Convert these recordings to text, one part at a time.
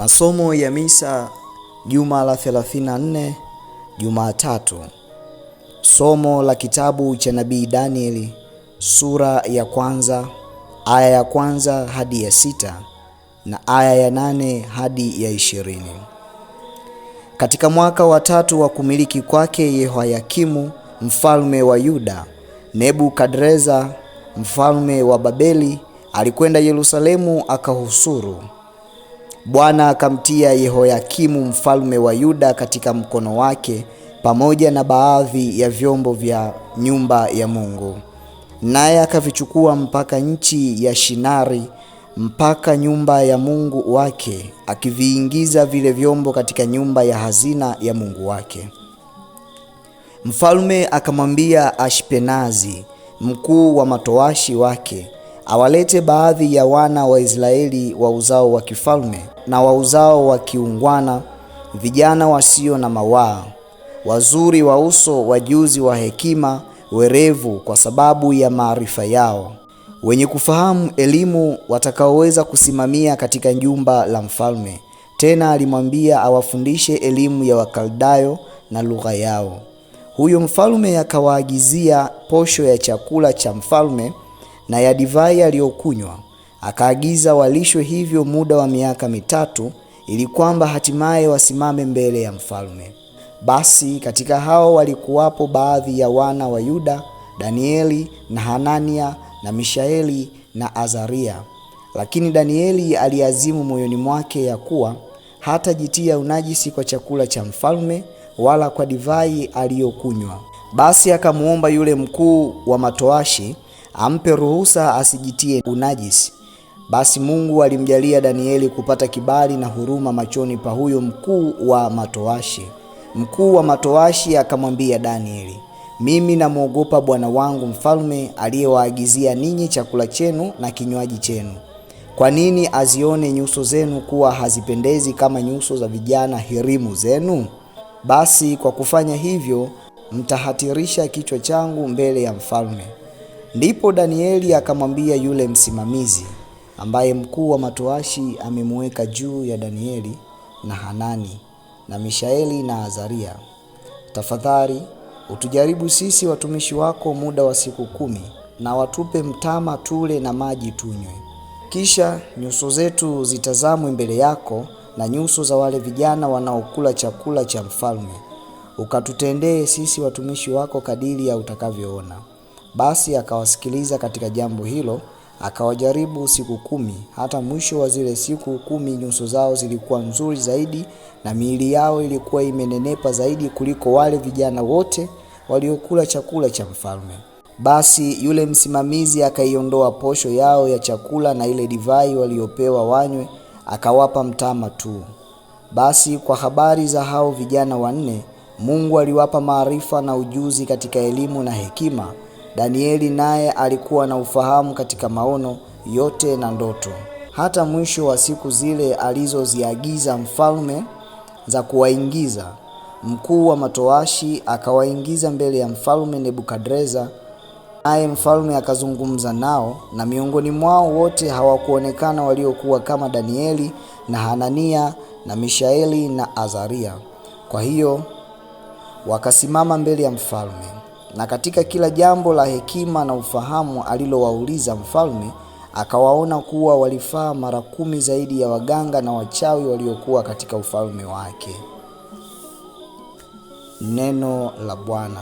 Masomo ya misa juma la 34, Jumatatu. Somo la kitabu cha nabii Danieli sura ya kwanza aya ya kwanza hadi ya sita na aya ya nane hadi ya ishirini. Katika mwaka wa tatu wa kumiliki kwake Yehoyakimu mfalme wa Yuda, Nebukadreza mfalme wa Babeli alikwenda Yerusalemu akahusuru Bwana akamtia Yehoyakimu mfalme wa Yuda katika mkono wake pamoja na baadhi ya vyombo vya nyumba ya Mungu, naye akavichukua mpaka nchi ya Shinari mpaka nyumba ya Mungu wake, akiviingiza vile vyombo katika nyumba ya hazina ya Mungu wake. Mfalme akamwambia Ashpenazi mkuu wa matoashi wake awalete baadhi ya wana wa Israeli wa uzao wa kifalme na wa uzao wa kiungwana, vijana wasio na mawaa, wazuri wa uso, wajuzi wa hekima, werevu kwa sababu ya maarifa yao, wenye kufahamu elimu, watakaoweza kusimamia katika jumba la mfalme. Tena alimwambia awafundishe elimu ya Wakaldayo na lugha yao. Huyo mfalme akawaagizia posho ya chakula cha mfalme na ya divai aliyokunywa, akaagiza walishwe hivyo muda wa miaka mitatu, ili kwamba hatimaye wasimame mbele ya mfalme. Basi katika hao walikuwapo baadhi ya wana wa Yuda, Danieli na Hanania na Mishaeli na Azaria. Lakini Danieli aliazimu moyoni mwake ya kuwa hatajitia unajisi kwa chakula cha mfalme wala kwa divai aliyokunywa. Basi akamwomba yule mkuu wa matoashi ampe ruhusa asijitie unajisi. Basi Mungu alimjalia Danieli kupata kibali na huruma machoni pa huyo mkuu wa matoashi Mkuu wa matoashi akamwambia Danieli, mimi namwogopa bwana wangu mfalme aliyewaagizia ninyi chakula chenu na kinywaji chenu. Kwa nini azione nyuso zenu kuwa hazipendezi kama nyuso za vijana hirimu zenu? Basi kwa kufanya hivyo mtahatirisha kichwa changu mbele ya mfalme. Ndipo Danieli akamwambia yule msimamizi ambaye mkuu wa matoashi amemweka juu ya Danieli na Hanani na Mishaeli na Azaria, tafadhali utujaribu sisi watumishi wako muda wa siku kumi, na watupe mtama tule na maji tunywe, kisha nyuso zetu zitazamwe mbele yako na nyuso za wale vijana wanaokula chakula cha mfalme, ukatutendee sisi watumishi wako kadiri ya utakavyoona. Basi akawasikiliza katika jambo hilo, akawajaribu siku kumi. Hata mwisho wa zile siku kumi nyuso zao zilikuwa nzuri zaidi na miili yao ilikuwa imenenepa zaidi kuliko wale vijana wote waliokula chakula cha mfalme. Basi yule msimamizi akaiondoa posho yao ya chakula na ile divai waliopewa wanywe, akawapa mtama tu. Basi kwa habari za hao vijana wanne, Mungu aliwapa maarifa na ujuzi katika elimu na hekima Danieli naye alikuwa na ufahamu katika maono yote na ndoto. Hata mwisho wa siku zile alizoziagiza mfalme za kuwaingiza, mkuu wa matoashi akawaingiza mbele ya mfalme Nebukadreza, naye mfalme akazungumza nao, na miongoni mwao wote hawakuonekana waliokuwa kama Danieli na Hanania na Mishaeli na Azaria. Kwa hiyo wakasimama mbele ya mfalme na katika kila jambo la hekima na ufahamu alilowauliza mfalme akawaona kuwa walifaa mara kumi zaidi ya waganga na wachawi waliokuwa katika ufalme wake. Neno la Bwana.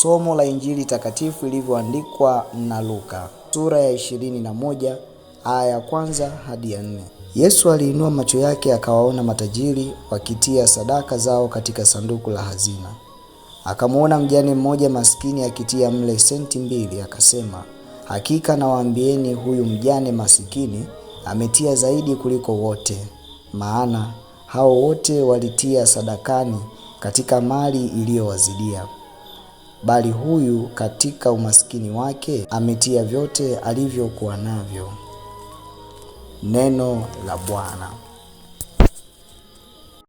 Somo la Injili takatifu ilivyoandikwa na Luka sura ya 21 aya ya kwanza hadi ya nne. Yesu aliinua macho yake akawaona matajiri wakitia sadaka zao katika sanduku la hazina. Akamwona mjane mmoja maskini akitia mle senti mbili, akasema, hakika nawaambieni huyu mjane masikini ametia zaidi kuliko wote, maana hao wote walitia sadakani katika mali iliyowazidia, bali huyu katika umaskini wake ametia vyote alivyokuwa navyo. Neno la Bwana.